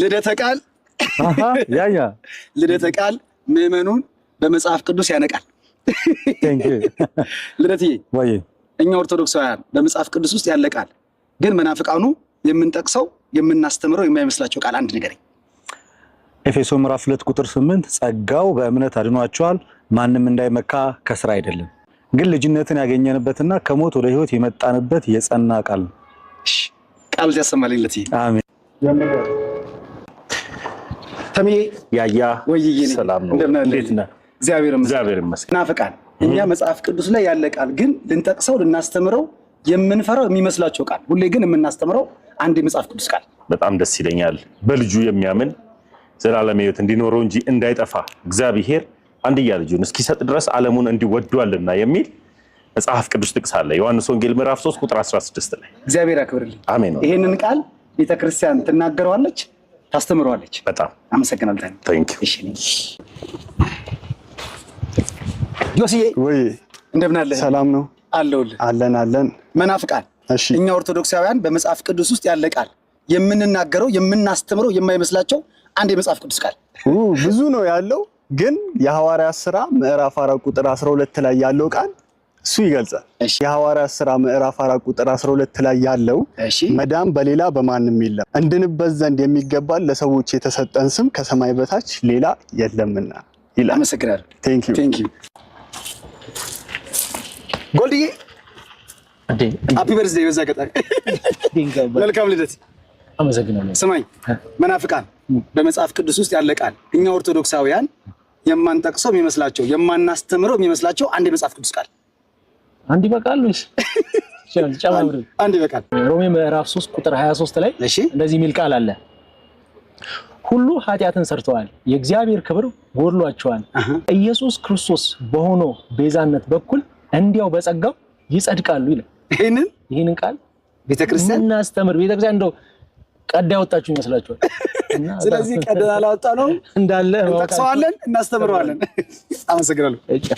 ልደተ ቃል ያያ ልደተ ቃል ምዕመኑን በመጽሐፍ ቅዱስ ያነቃል። ልደትዬ እኛ ኦርቶዶክሳውያን በመጽሐፍ ቅዱስ ውስጥ ያለ ቃል ግን መናፍቃኑ የምንጠቅሰው የምናስተምረው የማይመስላቸው ቃል አንድ ንገረኝ። ኤፌሶ ምዕራፍ ሁለት ቁጥር ስምንት ጸጋው በእምነት አድኗቸዋል፣ ማንም እንዳይመካ ከስራ አይደለም። ግን ልጅነትን ያገኘንበትና ከሞት ወደ ህይወት የመጣንበት የጸና ቃል ነው። ቃል ያሰማልለት። አሜን። ተሜ ያያ ሰላም ነው፣ እንዴት ነህ? እግዚአብሔር ይመስገን። ናፍቃል። እኛ መጽሐፍ ቅዱስ ላይ ያለ ቃል ግን ልንጠቅሰው ልናስተምረው የምንፈራው የሚመስላቸው ቃል ሁሌ ግን የምናስተምረው አንድ የመጽሐፍ ቅዱስ ቃል በጣም ደስ ይለኛል። በልጁ የሚያምን ዘላለም ሕይወት እንዲኖረው እንጂ እንዳይጠፋ እግዚአብሔር አንድያ ልጁን እስኪሰጥ ድረስ ዓለሙን እንዲወዷልና የሚል መጽሐፍ ቅዱስ ጥቅስ አለ። ዮሐንስ ወንጌል ምዕራፍ 3 ቁጥር 16 ላይ እግዚአብሔር ያክብርልኝ። አሜን። ይህንን ቃል ቤተክርስቲያን ትናገረዋለች። ታስተምረዋለች። በጣም አመሰግናለሁ። ወይ እንደምን አለ? ሰላም ነው አለውል አለን አለን። መናፍቃን እኛ ኦርቶዶክሳውያን በመጽሐፍ ቅዱስ ውስጥ ያለ ቃል የምንናገረው የምናስተምረው የማይመስላቸው አንድ የመጽሐፍ ቅዱስ ቃል ብዙ ነው ያለው ግን የሐዋርያ ስራ ምዕራፍ አራት ቁጥር 12 ላይ ያለው ቃል እሱ ይገልጻል። የሐዋርያት ሥራ ምዕራፍ አራት ቁጥር 12 ላይ ያለው መዳን በሌላ በማንም የለም እንድንበት ዘንድ የሚገባል ለሰዎች የተሰጠን ስም ከሰማይ በታች ሌላ የለምና ይላል። አመሰግናለሁ። ቴንክ ዩ ጎልድዬ፣ ሃፒ በርዝዴይ። በዛ ገጣሚ መልካም ልደት። አመሰግናለሁ። ስማኝ፣ መናፍቃን በመጽሐፍ ቅዱስ ውስጥ ያለ ቃል እኛ ኦርቶዶክሳውያን የማንጠቅሰው የሚመስላቸው የማናስተምረው የሚመስላቸው አንድ የመጽሐፍ ቅዱስ ቃል አንድ ይበቃል ወይስ ጨማምሪ? አንድ ይበቃል። ሮሜ ምዕራፍ 3 ቁጥር 23 ላይ እንደዚህ የሚል ቃል አለ ሁሉ ኃጢአትን ሰርተዋል፣ የእግዚአብሔር ክብር ጎድሏቸዋል። ኢየሱስ ክርስቶስ በሆነ ቤዛነት በኩል እንዲያው በጸጋው ይጸድቃሉ ይላል። ይህንን ይህንን ቃል ቤተክርስቲያን እናስተምር። ቤተክርስቲያን እንደው ቀዳ ያወጣችሁ ይመስላችኋል? ስለዚህ ቀደን አላወጣ ነው እንዳለ እንጠቅሰዋለን፣ እናስተምረዋለን። አመሰግናለሁ።